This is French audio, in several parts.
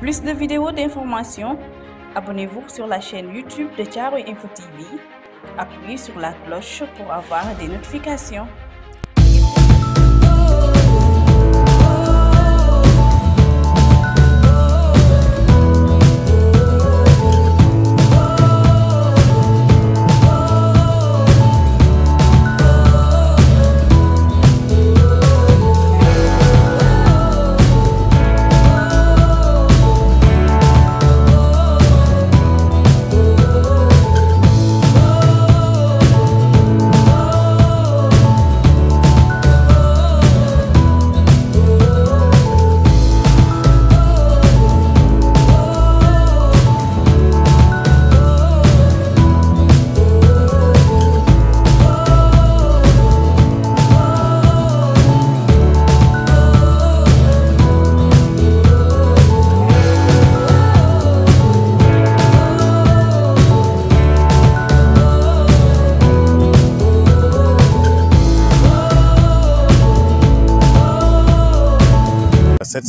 Plus de vidéos d'informations, abonnez-vous sur la chaîne YouTube de Charo Info TV. Appuyez sur la cloche pour avoir des notifications.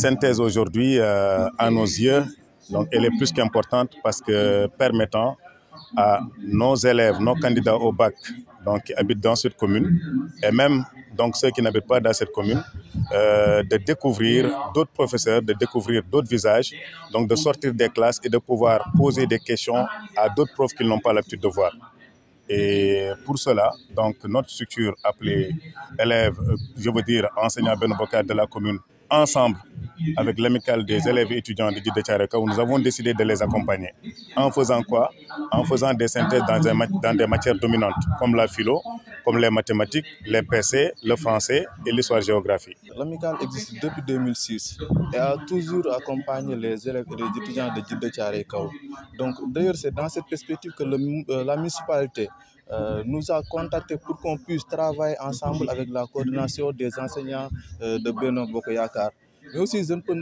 synthèse aujourd'hui, euh, à nos yeux, donc elle est plus qu'importante parce que permettant à nos élèves, nos candidats au bac, donc qui habitent dans cette commune, et même donc ceux qui n'habitent pas dans cette commune, euh, de découvrir d'autres professeurs, de découvrir d'autres visages, donc de sortir des classes et de pouvoir poser des questions à d'autres profs qu'ils n'ont pas l'habitude de voir. Et pour cela, donc notre structure appelée élèves, euh, je veux dire enseignants bénévocat de la commune, ensemble, avec l'amicale des élèves et étudiants de de où nous avons décidé de les accompagner. En faisant quoi En faisant des synthèses dans, des matières dominantes, comme la philo, comme les mathématiques, les PC, le français et l'histoire-géographie. L'amicale existe depuis 2006 et a toujours accompagné les élèves et les étudiants de Djidé Donc d'ailleurs, c'est dans cette perspective que euh, la municipalité euh, nous a contacté pour qu'on puisse travailler ensemble avec la coordination des enseignants euh, de Benoît Bokoyakar. Mais aussi, je ne peux,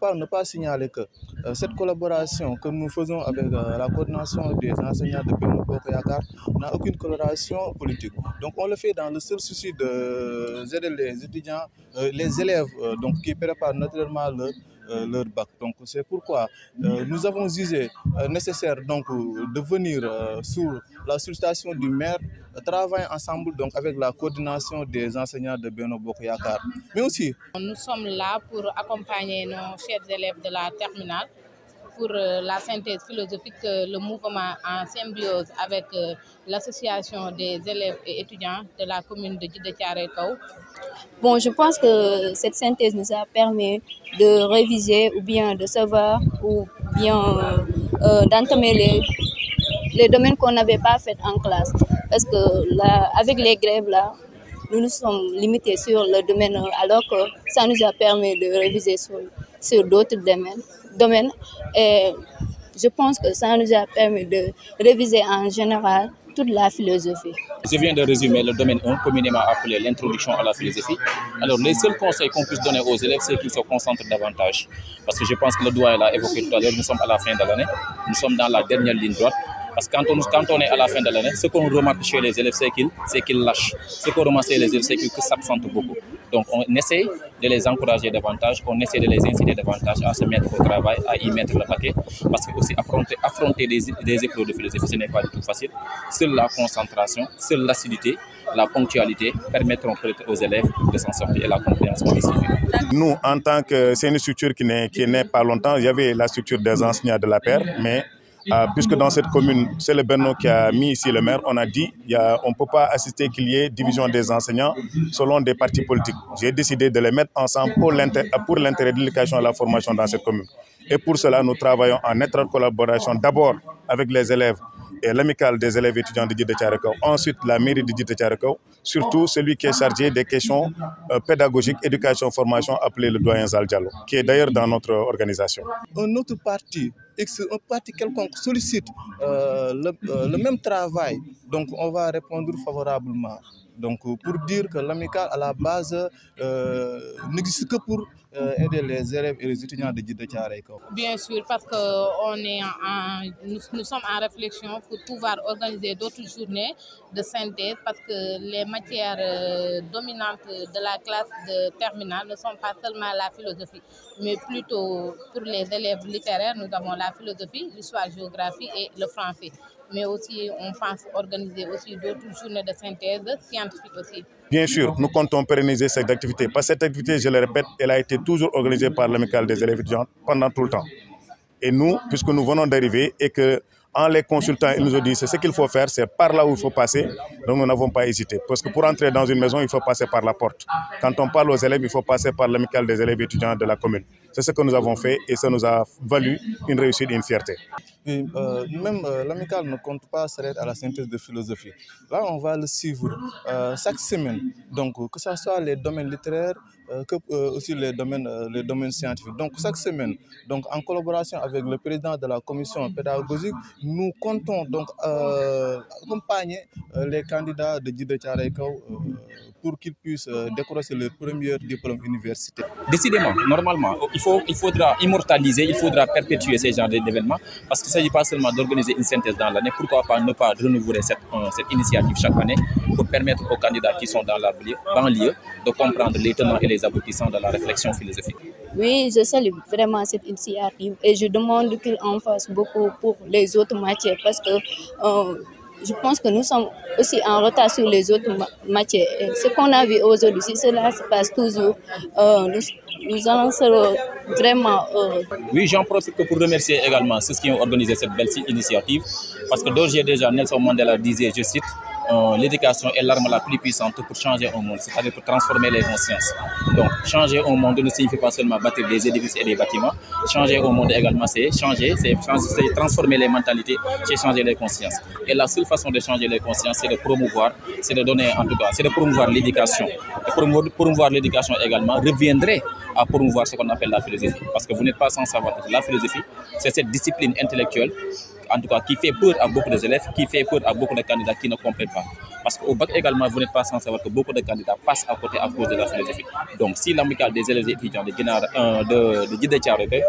pas, ne pas signaler que euh, cette collaboration que nous faisons avec la coordination des enseignants de Benoît Bokoyakar n'a aucune coloration politique. Donc, on le fait dans le seul souci aider les étudiants, les élèves donc, qui préparent naturellement le, euh, leur bac. Donc c'est pourquoi euh, nous avons jugé euh, nécessaire donc, de venir sur la sollicitation du maire travailler ensemble donc avec la coordination des enseignants de Beno Bokoyakar. Mais aussi... Nous sommes là pour accompagner nos chers élèves de la terminale pour euh, la synthèse philosophique, euh, le mouvement en symbiose avec euh, l'association des élèves et étudiants de la commune de Djidetiarekau. Bon, je pense que cette synthèse nous a permis de réviser ou bien de savoir ou bien d'entamer les, domaines qu'on n'avait pas fait en classe. Parce que avec les grèves, là, nous nous sommes limités sur le domaine alors que ça nous a permis de réviser sur, sur d'autres domaines domaine. Et je pense que ça nous a permis de réviser en général toute la philosophie. Je viens de résumer le domaine 1, communément appelé l'introduction à la philosophie. Alors, les seuls conseils qu'on puisse donner aux élèves, c'est qu'ils se concentrent davantage. Parce que je pense que le doigt l'a évoqué tout à l'heure, nous sommes à la fin de l'année, nous sommes dans la dernière ligne droite. Parce que quand on, est à la fin de l'année, ce qu'on remarque chez les élèves, c'est qu'ils lâchent. Ce qu'on remarque chez les élèves, c'est qu'ils s'absentent beaucoup. Donc on essaie de les encourager davantage, on essaie de les inciter davantage à se mettre au travail, à y mettre le paquet, parce que aussi affronter, des, des de philosophie, ce n'est pas du tout facile. Seule la concentration, seule l'assiduité, la ponctualité permettront aux élèves de s'en sortir et la compréhension Nous, en tant que c'est une structure qui n'est pas longtemps, il y avait la structure des enseignants de la paire, mais euh, puisque dans cette commune, c'est le Benno qui a mis ici le maire, on a dit qu'on on ne peut pas assister qu'il y ait division des enseignants selon des partis politiques. J'ai décidé de les mettre ensemble pour l'intérêt de l'éducation et la formation dans cette commune. Et pour cela, nous travaillons en étroite collaboration d'abord avec les élèves et l'amicale des élèves étudiants de Djidé ensuite la mairie de Djidé surtout celui qui est chargé des questions euh, pédagogiques, éducation, formation, appelé le doyen Zaldialo, qui est d'ailleurs dans notre organisation. Un autre parti si un parti quelconque sollicite euh, euh, le, même travail, donc on va répondre favorablement. Donc pour dire que l'amical à la base euh, n'existe que pour aider les élèves et les étudiants de Djidda Bien sûr, parce que on est en, nous, sommes en réflexion pour pouvoir organiser d'autres journées de synthèse parce que les matières dominantes de la classe de terminale ne sont pas seulement la philosophie, mais plutôt pour les élèves littéraires, nous avons la philosophie, l'histoire, géographie et le français. Mais aussi, on pense organiser aussi d'autres journées de synthèse scientifique aussi. Bien sûr, nous comptons pérenniser cette activité. Parce que cette activité, je le répète, elle a été toujours organisée par l'amicale des élèves étudiants pendant tout le temps. Et nous, puisque nous venons d'arriver et que en les consultant, ils nous ont dit c'est ce qu'il faut faire, c'est par là où il faut passer. Donc nous n'avons pas hésité. Parce que pour entrer dans une maison, il faut passer par la porte. Quand on parle aux élèves, il faut passer par l'amical des élèves étudiants de la commune. C'est ce que nous avons fait et ça nous a valu une réussite et une fierté. Euh, même euh, l'amical ne compte pas s'arrêter à la synthèse de philosophie. Là, on va le suivre euh, chaque semaine, donc que ce soit les domaines littéraires, que aussi les domaines, les domaines scientifiques. Donc chaque semaine, donc en collaboration avec le président de la commission pédagogique, nous comptons donc accompagner les candidats de Didier de pour qu'ils puissent euh, décrocher leur premier diplôme universitaire. Décidément, normalement, il, faut, il faudra immortaliser, il faudra perpétuer ces genre d'événements parce qu'il ne s'agit pas seulement d'organiser une synthèse dans l'année. Pourquoi pas ne pas renouveler cette, euh, cette, initiative chaque année pour permettre aux candidats qui sont dans la banlieue de comprendre les tenants et les aboutissants de la réflexion philosophique. Oui, je salue vraiment cette initiative et je demande qu'ils en fassent beaucoup pour les autres matières parce que... Euh, je pense que nous sommes aussi en retard sur les autres matières. ce qu'on a vu aujourd'hui, si cela se passe toujours, euh, nous, allons vraiment Oui, j'en profite pour remercier également ceux qui ont organisé cette belle initiative, parce que d'ores et déjà, Nelson Mandela disait, je cite, euh, l'éducation est l'arme la plus puissante pour changer un monde, c'est-à-dire pour transformer les consciences. Donc, changer un monde ne signifie pas seulement bâtir des édifices et des bâtiments. Changer un monde également, c'est changer, c'est transformer les mentalités, c'est changer les consciences. Et la seule façon de changer les consciences, c'est de promouvoir, c'est de donner, en tout cas, c'est de promouvoir l'éducation. Promouvoir, promouvoir l'éducation également reviendrait à promouvoir ce qu'on appelle la philosophie. Parce que vous n'êtes pas sans savoir que la philosophie, c'est cette discipline intellectuelle en tout cas qui fait peur à beaucoup d'élèves, qui fait peur à beaucoup de candidats qui ne comprennent pas. Parce qu'au bac également, vous n'êtes pas sans savoir que beaucoup de candidats passent à côté à cause de la philosophie. Donc si l'amicale des élèves étudiants de Guinée, euh, de,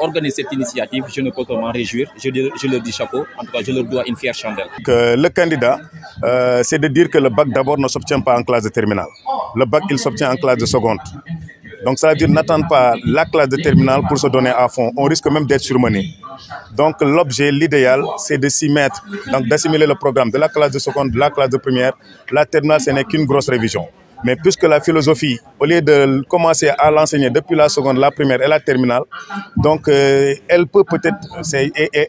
organise cette initiative, je ne peux que m'en réjouir. Je, je, leur dis chapeau, en tout cas, je leur dois une fière chandelle. Que euh, le candidat, euh, c'est de dire que le bac d'abord ne s'obtient pas en classe de terminale. Le bac, il s'obtient en classe de seconde. Donc ça veut dire n'attendre pas la classe de terminale pour se donner à fond. On risque même d'être surmené. Donc l'objet, l'idéal, c'est de s'y mettre, donc d'assimiler le programme de la classe de seconde, de la classe de première. La terminale, ce n'est qu'une grosse révision. Mais puisque la philosophie, au lieu de commencer à l'enseigner depuis la seconde, la première et la terminale, donc euh, elle peut peut-être,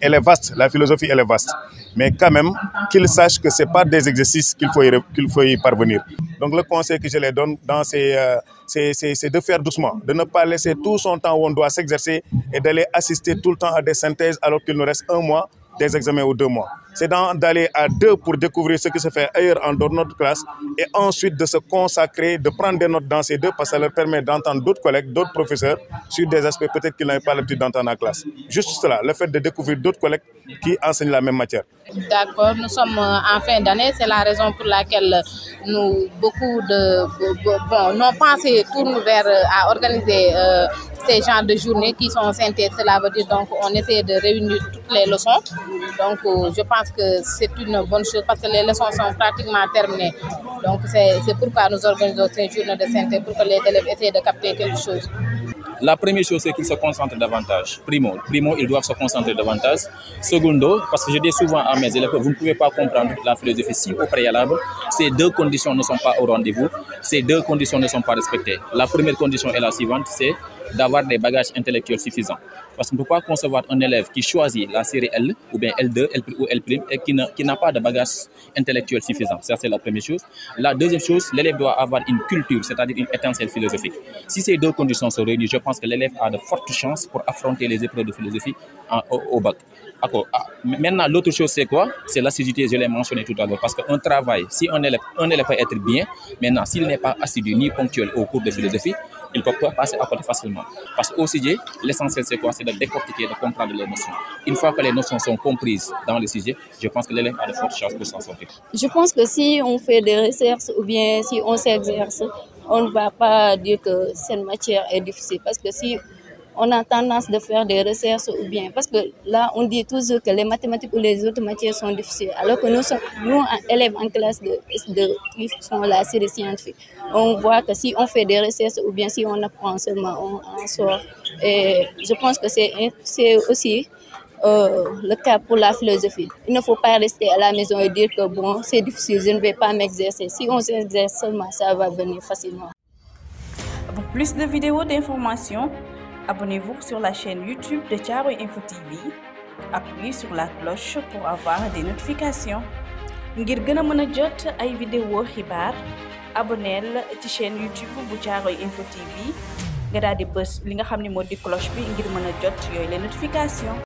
elle est vaste, la philosophie elle est vaste. Mais quand même, qu'ils sachent que c'est pas des exercices qu'il faut, y, faut y parvenir. Donc le conseil que je les donne dans ces, euh, c'est de faire doucement, de ne pas laisser tout son temps où on doit s'exercer et d'aller assister tout le temps à des synthèses alors qu'il nous reste un mois des examens aux deux mois. C'est d'aller à deux pour découvrir ce qui se fait ailleurs en dehors de notre classe et ensuite de se consacrer, de prendre des notes dans ces deux parce que ça leur permet d'entendre d'autres collègues, d'autres professeurs sur des aspects peut-être qu'ils n'avaient pas l'habitude d'entendre en classe. Juste cela, le fait de découvrir d'autres collègues qui enseignent la même matière. D'accord, nous sommes en fin d'année, c'est la raison pour laquelle nous, beaucoup de... Bon, nos pour nous vers euh, à organiser... Euh, ces genres de journée qui sont santé, Cela veut dire donc on essaie de réunir toutes les leçons. Donc euh, je pense que c'est une bonne chose parce que les leçons sont pratiquement terminées. Donc c'est pourquoi nous organisons ces journées de santé pour que les élèves essayent de capter quelque chose. La première chose, c'est qu'ils se concentrent davantage. Primo, primo, ils doivent se concentrer davantage. Secondo, parce que je dis souvent à mes élèves, vous ne pouvez pas comprendre la philosophie si au préalable, ces deux conditions ne sont pas au rendez-vous, ces deux conditions ne sont pas respectées. La première condition est la suivante, c'est d'avoir des bagages intellectuels suffisants. Parce qu'on ne peut pas concevoir un élève qui choisit la série L ou bien L2 L, ou L' et qui n'a pas de bagages intellectuel suffisants Ça, c'est la première chose. La deuxième chose, l'élève doit avoir une culture, c'est-à-dire une étincelle philosophique. Si ces deux conditions sont réunies, je pense que l'élève a de fortes chances pour affronter les épreuves de philosophie au, bac. Ah, maintenant, l'autre chose, c'est quoi C'est l'assiduité, je l'ai mentionné tout à l'heure. Parce qu'un travail, si un élève, un élève peut être bien, maintenant, s'il n'est pas assidu ni ponctuel au cours de philosophie, il ne peut pas passer à côté facilement. Parce qu'au l'essentiel c'est quoi C'est de décortiquer, de comprendre les notions. Une fois que les notions sont comprises dans le sujet, je pense que l'élève a de fortes chances de s'en sortir. Je pense que si on fait des recherches ou bien si on s'exerce, on ne va pas dire que cette matière est difficile. Parce que si on a tendance de faire des recherches ou bien parce que là on dit toujours que les mathématiques ou les autres matières sont difficiles alors que nous sommes nous élèves en classe de, de qui sont la des scientifique on voit que si on fait des recherches ou bien si on apprend seulement on en sort et je pense que c'est c'est aussi euh, le cas pour la philosophie. Il ne faut pas rester à la maison et dire que bon, c'est difficile, je ne vais pas m'exercer. Si on s'exerce seulement, ça va venir facilement. Pour plus de vidéos d'informations, Abonnez-vous sur la chaîne YouTube de Tiaroy Info TV. Appuyez sur la cloche pour avoir des notifications. ngir gëna mëna mën jot ay vidéo xibaar ci chaîne YouTube bu Tiaroy Info TV nga daal di bëss li nga xamni cloche bi ngir mëna les notifications.